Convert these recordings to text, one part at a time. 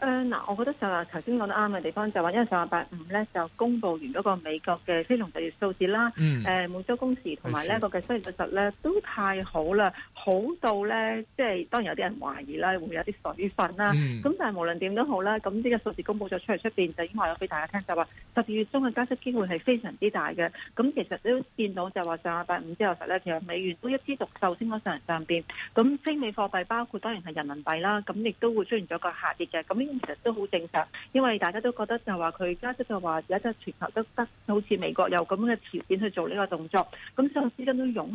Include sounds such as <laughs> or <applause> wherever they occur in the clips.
誒嗱、呃，我覺得就話頭先講得啱嘅地方就話，因為上個禮拜五咧就公布完嗰個美國嘅非農就業數字啦，嗯、每週工時同埋呢是是個經濟實質咧都太好啦，好到咧即係當然有啲人懷疑啦，會唔會有啲水分啦。咁、嗯、但係無論點都好啦，咁呢個數字公布咗出嚟出面，就已經話俾大家聽，就話十二月中嘅加息機會係非常之大嘅。咁其實都見到就話上個禮拜五之後實咧，其實美元都一枝獨秀升咗上上邊。咁非美貨幣包括當然係人民幣啦，咁亦都會出現咗個下跌嘅。咁其實都好正常，因為大家都覺得就話佢，加息就話而家就全球都得，好似美國有咁嘅條件去做呢個動作，咁所有資金都湧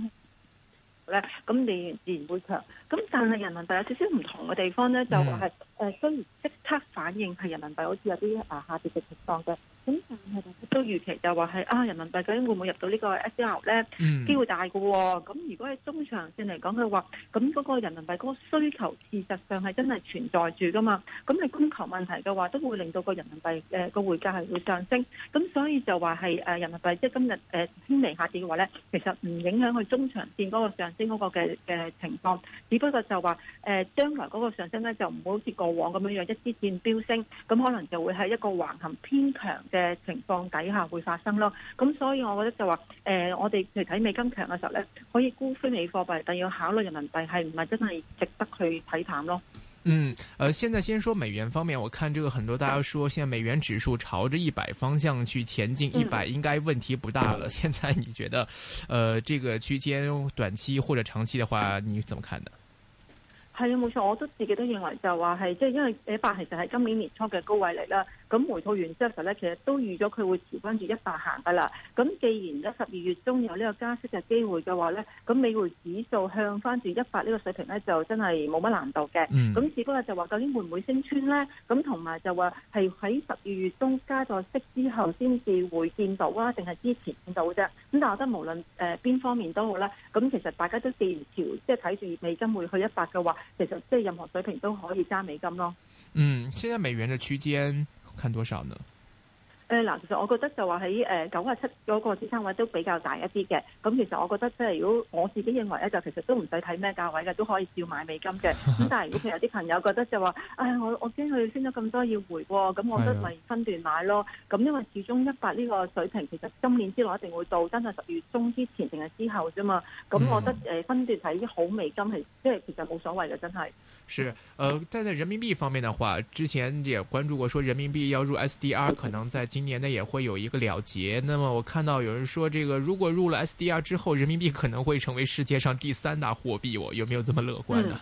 咧，咁你自然會強。咁但係人民幣有少少唔同嘅地方咧，就係。誒，雖然即刻反應係人民幣好似有啲啊下跌嘅情況嘅，咁但係大家都預期就話係啊，人民幣究竟會唔會入到呢個 SDR 咧？機會大嘅喎，哦。咁如果係中長線嚟講嘅話，咁嗰個人民幣嗰個需求事實上係真係存在住嘅嘛。咁你供求問題嘅話，都會令到個人民幣誒個匯價係會上升。咁所以就話係誒人民幣即係今日誒輕微下跌嘅話咧，其實唔影響佢中長線嗰個上升嗰個嘅嘅情況，只不過就話誒將來嗰個上升咧就唔會好似。過往咁樣樣一跌，便飆升，咁可能就會喺一個橫行偏強嘅情況底下會發生咯。咁所以我覺得就話，誒，我哋嚟睇美金強嘅時候呢，可以估非美貨幣，但要考慮人民幣係唔係真係值得去睇淡咯。嗯，誒、呃，現在先說美元方面，我看這個很多大家說，現在美元指數朝着一百方向去前進，一百應該問題不大了。現在你覺得，誒、呃，這個區間短期或者長期的話，你怎麼看呢？係啊，冇錯，我都自己都認為就話係，即係因為二八，其實係今年年初嘅高位嚟啦。咁回套完之後咧，其實都預咗佢會調翻住一百行噶啦。咁既然咧十二月中有呢個加息嘅機會嘅話咧，咁美匯指數向翻住一百呢個水平咧，就真係冇乜難度嘅。咁、嗯、只不過就話究竟會唔會升穿咧？咁同埋就話係喺十二月中加咗息之後先至會見到啊，定係之前見到啫？咁但我覺得無論誒邊方面都好啦，咁其實大家都試然條，即係睇住美金會去一百嘅話，其實即係任何水平都可以揸美金咯。嗯，現在美元嘅區間看多少呢？嗱，其實我覺得就話喺誒九啊七嗰個支撐位都比較大一啲嘅，咁其實我覺得即係如果我自己認為咧，就其實都唔使睇咩價位嘅，都可以照買美金嘅。咁但係如果其實有啲朋友覺得就話，唉、哎，我我驚佢升咗咁多要回、哦，咁我覺得咪分段買咯。咁、哎、呀因為始終一百呢個水平其實今年之內一定會到，真係十月中之前定係之後啫嘛。咁我覺得誒分段睇啲好美金係，即係、嗯、其實冇所謂嘅，真係。是，誒、呃，但在人民幣方面嘅話，之前也關注過，說人民幣要入 SDR，可能在今年呢也會有一個了結。那麼我看到有人說，這個如果入了 SDR 之後，人民幣可能會成為世界上第三大貨幣。我、哦、有沒有這麼樂觀呢？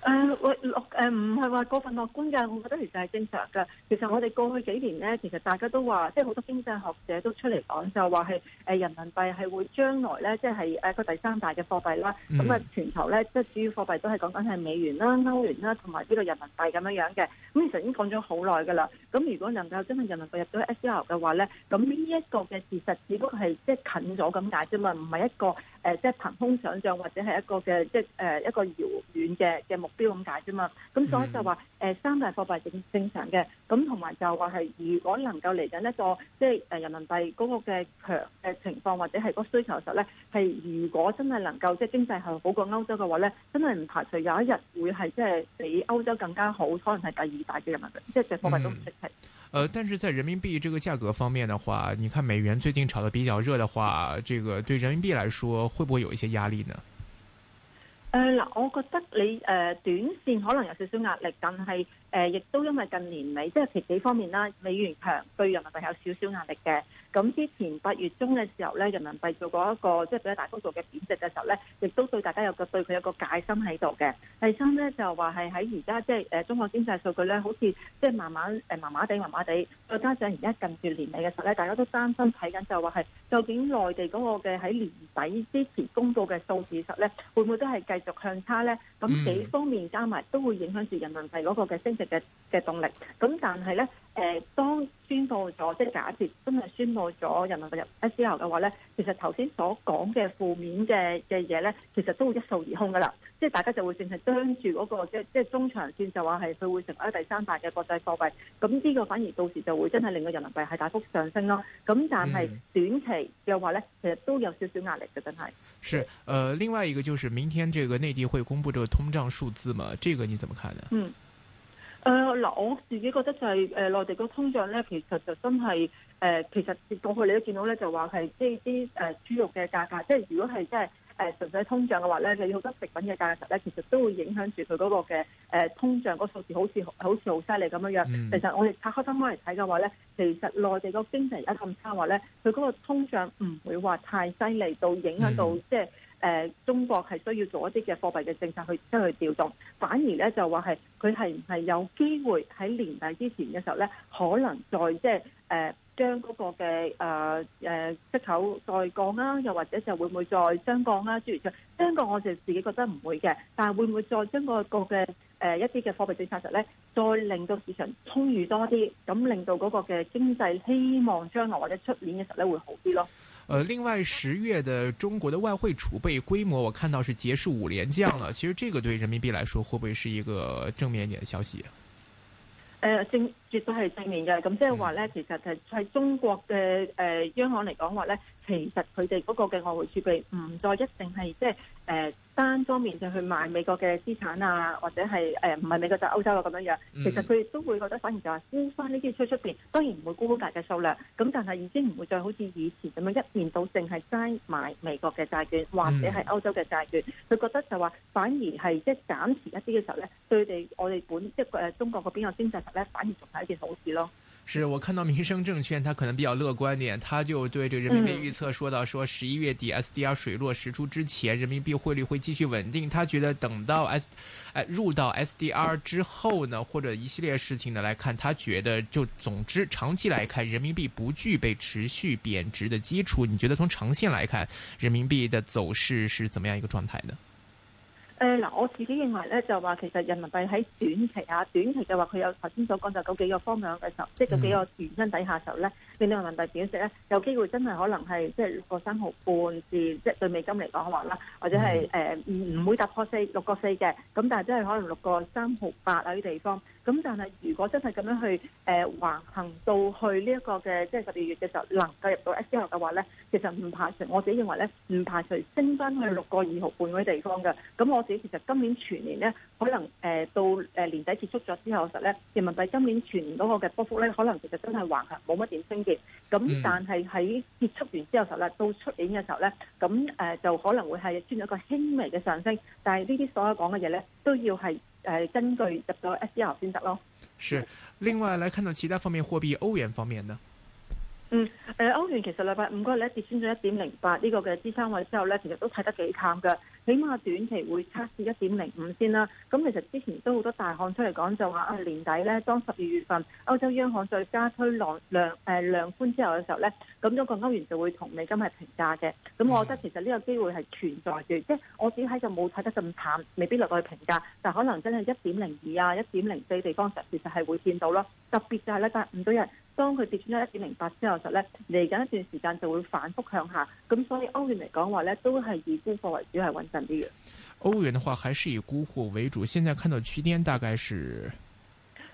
嗯、呃，我。誒唔係話過分樂觀嘅，我覺得其實係正常㗎。其實我哋過去幾年咧，其實大家都話，即係好多經濟學者都出嚟講，就話係誒人民幣係會將來咧，即係誒個第三大嘅貨幣啦。咁啊、嗯，全球咧，即係主要貨幣都係講緊係美元啦、歐元啦，同埋呢個人民幣咁樣樣嘅。咁其實已經講咗好耐㗎啦。咁如果能夠真係人民幣入到 SDR 嘅話咧，咁呢一個嘅事實只不過係即係近咗咁解啫嘛，唔係一個。誒、呃，即係憑空想像，或者係一個嘅，即係誒、呃、一個遙遠嘅嘅目標咁解啫嘛。咁所以就話誒、呃，三大貨幣正正常嘅咁，同、嗯、埋就話係如果能夠嚟緊一個即係誒人民幣嗰個嘅強嘅情況，或者係嗰需求嘅時候咧，係如果真係能夠即係經濟係好過歐洲嘅話咧，真係唔排除有一日會係即係比歐洲更加好，可能係第二大嘅人民幣，嗯、即係隻貨幣都唔值錢。呃，但是在人民幣這個價格方面的話，你看美元最近炒得比較熱的話，這個對人民幣來說會不會有一些壓力呢？呃，嗱，我覺得你呃短線可能有少少壓力，但係。誒，亦都因為近年尾，即係其幾方面啦，美元強對人民幣有少少壓力嘅。咁之前八月中嘅時候咧，人民幣做過一個即係比較大幅度嘅貶值嘅時候咧，亦都對大家有個對佢有個戒心喺度嘅。第三咧就話係喺而家即係誒中國經濟數據咧，好似即係麻麻誒麻麻地麻麻地。再加上而家現在近住年尾嘅時候咧，大家都擔心睇緊就話、是、係、就是、究竟內地嗰個嘅喺年底之前公佈嘅數字實咧，會唔會都係繼續向差咧？咁幾方面加埋都會影響住人民幣嗰個嘅升值嘅嘅動力，咁但係咧，誒，當宣佈咗，即係假設真係宣佈咗人民幣入 S 號嘅話咧，其實頭先所講嘅負面嘅嘅嘢咧，其實都會一掃而空噶啦，即係大家就會淨係盯住嗰個即係即係中長線，就話係佢會成為第三大嘅國際貨幣，咁呢個反而到時就會真係令到人民幣係大幅上升咯。咁但係短期嘅話咧，其實都有少少壓力嘅，真係。是，誒、呃，另外一個就是明天這個內地會公布這個通脹數字嘛？這個你怎麼看呢？嗯。誒嗱、呃，我自己覺得就係誒內地個通脹咧，其實就真係誒、呃，其實過去你都見到咧，就話係即係啲誒豬肉嘅價格，即係如果係即係誒純粹通脹嘅話咧，你好多食品嘅價格咧，其實都會影響住佢嗰個嘅誒通脹個數字好似，好似好似好犀利咁樣樣、嗯。其實我哋拆開翻開嚟睇嘅話咧，其實內地個經濟一咁差話咧，佢嗰個通脹唔會話太犀利到影響到、嗯、即係。誒、呃，中國係需要做一啲嘅貨幣嘅政策去出去調動，反而咧就話係佢係唔係有機會喺年底之前嘅時候咧，可能再即係誒將嗰個嘅誒誒息口再降啦、啊，又或者就會唔會再雙降啦、啊。諸如就雙降，我就自己覺得唔會嘅，但係會唔會再將嗰個嘅誒、呃、一啲嘅貨幣政策實咧，再令到市場充裕多啲，咁令到嗰個嘅經濟希望將來或者出年嘅時候咧會好啲咯。呃，另外十月的中國的外匯儲備規模，我看到是結束五連降了。其實這個對人民幣來說，會不會是一個正面一點的消息啊？呃，今。絕對係正面嘅，咁即係話咧，其實係係中國嘅誒、呃、央行嚟講話咧，其實佢哋嗰個嘅外匯儲備唔再一定係即係誒單方面就去買美國嘅資產啊，或者係誒唔係美國就是、歐洲咯咁樣樣。其實佢亦都會覺得反而就話沽翻呢啲出出邊，當然唔會沽好大嘅數量，咁但係已經唔會再好似以前咁樣一面倒淨係齋買美國嘅債券或者係歐洲嘅債券。佢、嗯、覺得就話反而係即係減持一啲嘅時候咧，對們我哋本即係、就是、中國嗰邊個經濟實咧，反而仲係。而且同時咯，是我看到民生證券，他可能比較樂觀點，他就對這個人民幣預測說到說十一月底 SDR 水落石出之前，人民幣匯率會繼續穩定。他覺得等到 S 哎、呃、入到 SDR 之後呢，或者一系列事情呢來看，他覺得就總之長期來看，人民幣不具備持續貶值的基礎。你覺得從長線來看，人民幣的走勢是怎麼樣一個狀態呢？誒嗱，我自己認為咧，就話其實人民幣喺短期啊，短期嘅話，佢有頭先所講就嗰幾個方向嘅時候，即係嗰幾個原因底下嘅時候咧。嗯面對人民幣點升咧，有機會真係可能係即係六個三毫半至即係對美金嚟講嘅話啦，或者係誒唔唔會突破四六個四嘅，咁但係真係可能六個三毫八啊啲地方。咁但係如果真係咁樣去誒、呃、橫行到去呢、這、一個嘅即係十二月嘅時候能夠入到 SDR 嘅話咧，其實唔排除我自己認為咧，唔排除升返去六個二毫半嗰啲地方嘅。咁我自己其實今年全年咧，可能誒、呃、到誒年底結束咗之後，實咧人民幣今年全年嗰個嘅波幅咧，可能其實真係橫行冇乜點升。咁，嗯、但係喺結束完之後咧，到出年嘅時候咧，咁、呃、誒就可能會係出現一個輕微嘅上升。但係呢啲所有講嘅嘢咧，都要係誒、呃、根據入咗 S E R 先得咯。是，另外來看到其他方面貨幣，歐元方面呢？嗯，誒歐元其實禮拜五嗰日咧跌穿咗一點零八呢個嘅支撐位之後咧，其實都睇得幾淡嘅，起碼短期會測試一點零五先啦。咁其實之前都好多大行出嚟講就話啊，年底咧當十二月份歐洲央行再加推量量誒量寬之後嘅時候咧，咁、那、咁個歐元就會同美金係平價嘅。咁我覺得其實呢個機會係存在住，即、就、係、是、我自己喺就冇睇得咁淡，未必落去評價，但可能真係一點零二啊、一點零四地方實其實係會見到咯。特別就係咧，拜五唔多當佢跌穿咗一點零八之後，就咧嚟緊一段時間就會反覆向下，咁所以歐元嚟講話咧都係以沽貨為主，係穩陣啲嘅。歐元嘅話還是以沽貨為主，現在看到區間大概是，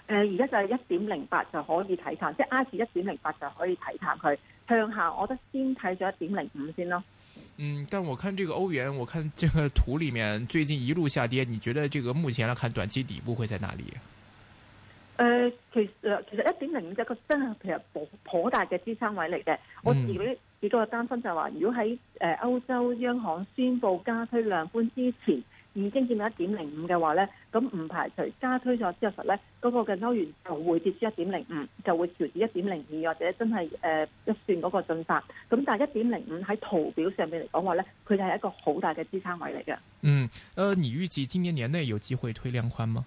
誒而家就係一點零八就可以睇淡，即係 R 字一點零八就可以睇淡佢向下。我覺得先睇咗一點零五先咯。嗯，但我看這個歐元，我看這個圖裏面最近一路下跌，你覺得這個目前來看短期底部會在哪裏？誒、呃，其實其實一點零五隻個真係其實頗大嘅支撐位嚟嘅。嗯、我自己主要嘅擔心就係話，如果喺誒歐洲央行宣布加推量寬之前占，已經見到一點零五嘅話咧，咁唔排除加推咗之後咧，嗰、那個嘅歐元就會跌至一點零五，就會調至一點零二或者真係誒、呃、一算嗰個進發。咁但係一點零五喺圖表上面嚟講話咧，佢就係一個好大嘅支撐位嚟嘅。嗯，誒、呃，你預計今年年內有機會推量寬嗎？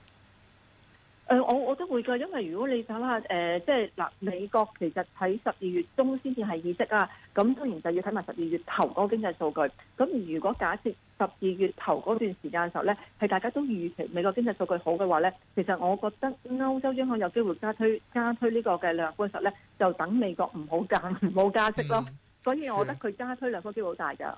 誒、呃，我我都會噶，因為如果你睇下誒，即係嗱、呃，美國其實喺十二月中先至係議息啊，咁當然就要睇埋十二月頭嗰個經濟數據。咁如果假設十二月頭嗰段時間嘅時候咧，係大家都預期美國經濟數據好嘅話咧，其實我覺得歐洲央行有機會加推加推這個量寬呢個嘅量寬實咧，就等美國唔好減唔好加息咯。嗯、所以，我覺得佢加推量寬機會好大噶。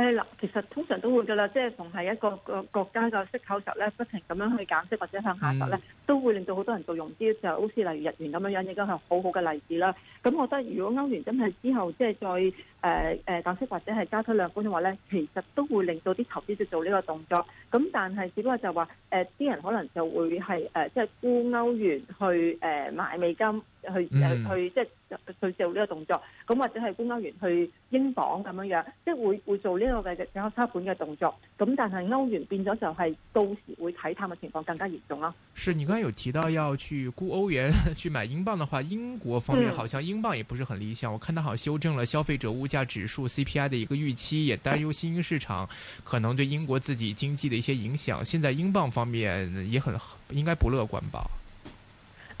誒嗱，其實通常都會噶啦，即係同係一個國國家嘅息口實咧，不停咁樣去減息或者向下實咧，都會令到好多人做融資，就好似例如日元咁樣樣，亦都係好好嘅例子啦。咁我覺得，如果歐元真係之後即係再誒誒減息或者係加推量寬嘅話咧，其實都會令到啲投資者做呢個動作。咁但係只不過就話，誒、呃、啲人可能就會係誒、呃、即係沽歐元去誒、呃、買美金，去去即係。嗯去做呢個動作，咁或者沽歐元去英鎊咁樣樣，即係會，會做呢個嘅嘅差盤嘅動作。咁但係歐元變咗就係到時會睇淡嘅情況更加嚴重咯。是你剛才有提到要去沽歐元、去買英鎊的話，英國方面好像英鎊也不是很理想。嗯、我看到好像修正了消費者物價指數 CPI 嘅一個預期，也擔憂新興市場可能對英國自己經濟嘅一些影響。現在英鎊方面也很應該不樂觀吧？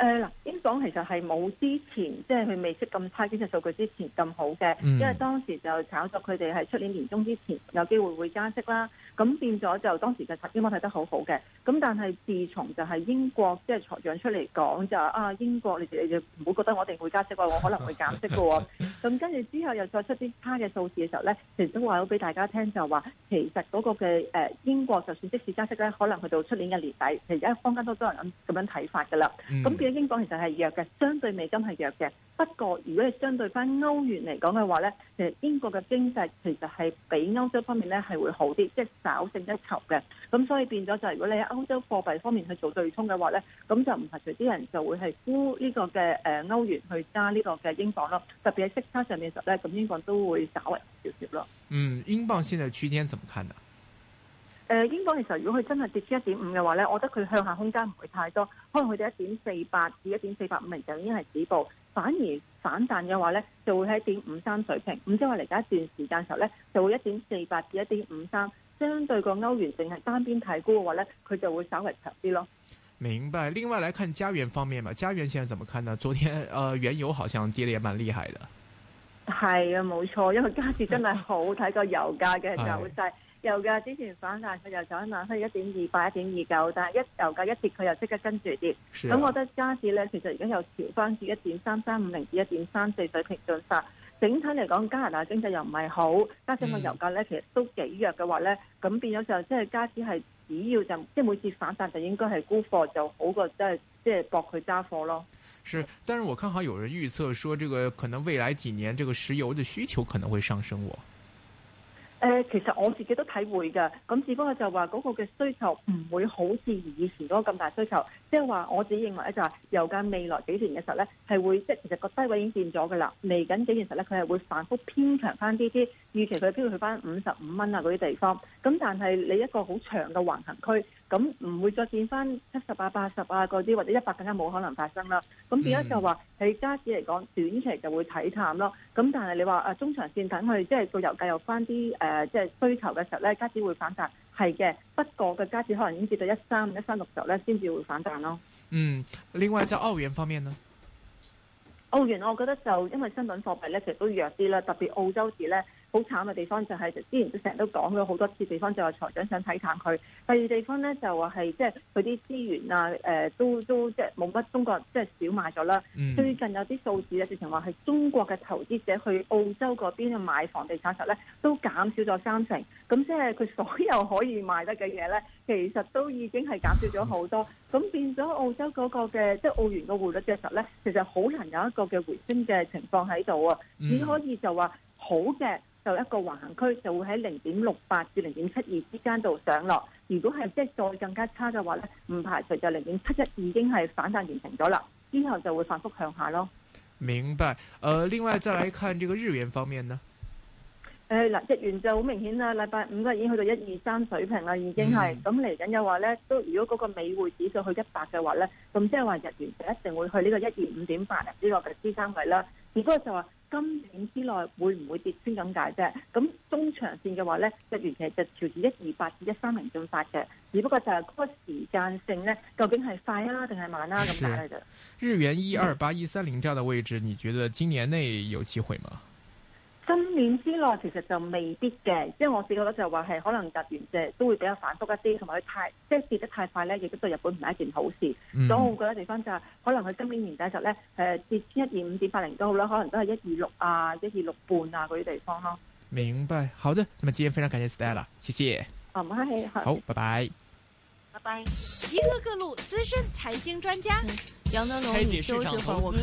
誒嗱、嗯，英鎊其實係冇之前，即係佢未出咁差經濟數據之前咁好嘅，因為當時就炒作佢哋係出年年中之前有機會會加息啦。咁變咗就當時嘅英文睇得好好嘅，咁但係自從就係英國即係財長出嚟講就話啊英國你哋唔好覺得我哋會加息㗎，我可能會減息㗎喎。咁跟住之後又再出啲差嘅數字嘅時候咧，其實都話咗俾大家聽就話其實嗰個嘅、呃、英國就算即使加息咧，可能去到出年嘅年底，其實而家坊間都多人咁咁樣睇法㗎啦。咁、嗯、變英國其實係弱嘅，相對美金係弱嘅。不過如果你相對翻歐元嚟講嘅話咧，其實英國嘅經濟其實係比歐洲方面咧係會好啲，即係。搞勝一籌嘅，咁所以變咗就，如果你喺歐洲貨幣方面去做對沖嘅話咧，咁就唔排除啲人就會係沽呢個嘅誒歐元去加呢個嘅英鎊咯。特別喺息差上面嘅時候咧，咁英鎊都會稍微少少咯。嗯，英鎊現在區間怎麼看呢？誒，英鎊其實如果佢真係跌出一點五嘅話咧，我覺得佢向下空間唔會太多，可能佢哋一點四八至一點四八五零就已經係止步。反而反彈嘅話咧，就會喺一點五三水平。咁即係嚟緊一段時間嘅時候咧，就會一點四八至一點五三。相對個歐元淨係單邊睇高嘅話咧，佢就會稍微強啲咯。明白。另外嚟看加元方面嘛，加元現在怎麼看呢？昨天，呃，原油好像跌得也蠻厲害嘅，係啊，冇錯，因為加字真係好睇過油價嘅走勢。油價之前反彈佢又走一翻落去一點二八、一點二九，1. 200, 1. 29, 但係一油價一跌，佢又即刻跟住跌。咁、啊、我覺得加字咧，其實而家又調翻至一點三三五零至一點三四水平震蕩。整體嚟講，加拿大經濟又唔係好，加上個油價咧，其實都幾弱嘅話咧，咁、嗯、變咗就即係加脂係只要就即係、就是、每次反彈就應該係沽貨就好過即係即係搏佢揸貨咯。是，但是我看好有人預測說，這個可能未來幾年，這個石油嘅需求可能會上升喎。誒、呃，其實我自己都體會㗎，咁只不過就話嗰個嘅需求唔會好似以前嗰個咁大需求，即係話我自己認為咧就係油價未來幾年嘅時候咧，係會即係其實個低位已經變咗㗎喇，嚟緊幾年時候咧，佢係會反覆偏強翻啲啲，預期佢嘅機會去翻五十五蚊啊嗰啲地方，咁但係你一個好長嘅橫行區。咁唔會再見翻七十啊、八十啊嗰啲，或者一百更加冇可能發生啦。咁變咗就話，喺加紙嚟講，短期就會睇淡咯。咁但係你話誒中長線等佢即係個油價有翻啲誒即係需求嘅時候咧，加紙會反彈。係嘅，不過嘅加紙可能已經跌到一三一三六十咧，先至會反彈咯。嗯，另外就澳元方面呢？澳元我覺得就因為商品貨幣咧，其實都弱啲啦，特別澳洲紙咧。好慘嘅地方就係、是，之前都成日都講咗好多次。地方就係財長想睇淡佢。第二地方咧就話係，即係佢啲資源啊，誒、呃、都都即係冇乜中國即係少買咗啦。嗯、最近有啲數字咧，直情話係中國嘅投資者去澳洲嗰邊買房地產時咧，都減少咗三成。咁即係佢所有可以賣得嘅嘢咧，其實都已經係減少咗好多。咁變咗澳洲嗰個嘅即係澳元嘅匯率嘅時候咧，其實好難有一個嘅回升嘅情況喺度啊。嗯、只可以就話好嘅。就一個橫行區就會喺零點六八至零點七二之間度上落。如果係即係再更加差嘅話咧，唔排除就零點七一已經係反彈完成咗啦，之後就會反覆向下咯。明白。呃，另外再嚟看這個日元方面呢？誒嗱， <laughs> 日元就好明顯啦，禮拜五啊已經去到一二三水平啦，已經係咁嚟緊嘅話咧，都如果嗰個美匯指數去一百嘅話咧，咁即係話日元就一定會去呢個一二五點八呢個嘅支撐位啦。如果就話，今年之內會唔會跌穿，咁解啫？咁中長線嘅話咧，日元其實就朝住一二八至一三零進發嘅，只不過就係嗰個時間性咧，究竟係快啦定係慢啦咁解嘅啫。是日元一二八一三零這樣嘅位置，你覺得今年內有機會嗎？ <laughs> 今年之內其實就未必嘅，即係我睇到咧，就話係可能日元就都會比較反復一啲，同埋佢太即係跌得太快咧，亦都對日本唔係一件好事。所以我覺得地方就係、是、可能佢今年年底就咧誒跌一二五點八零都好啦，可能都係一二六啊，一二六半啊嗰啲地方咯、啊。明白，好的。咁啊，今天非常感謝 Stella，謝謝。好，唔該，係好。拜拜。拜拜。集合拜各路資深財經專家，開啟、嗯、市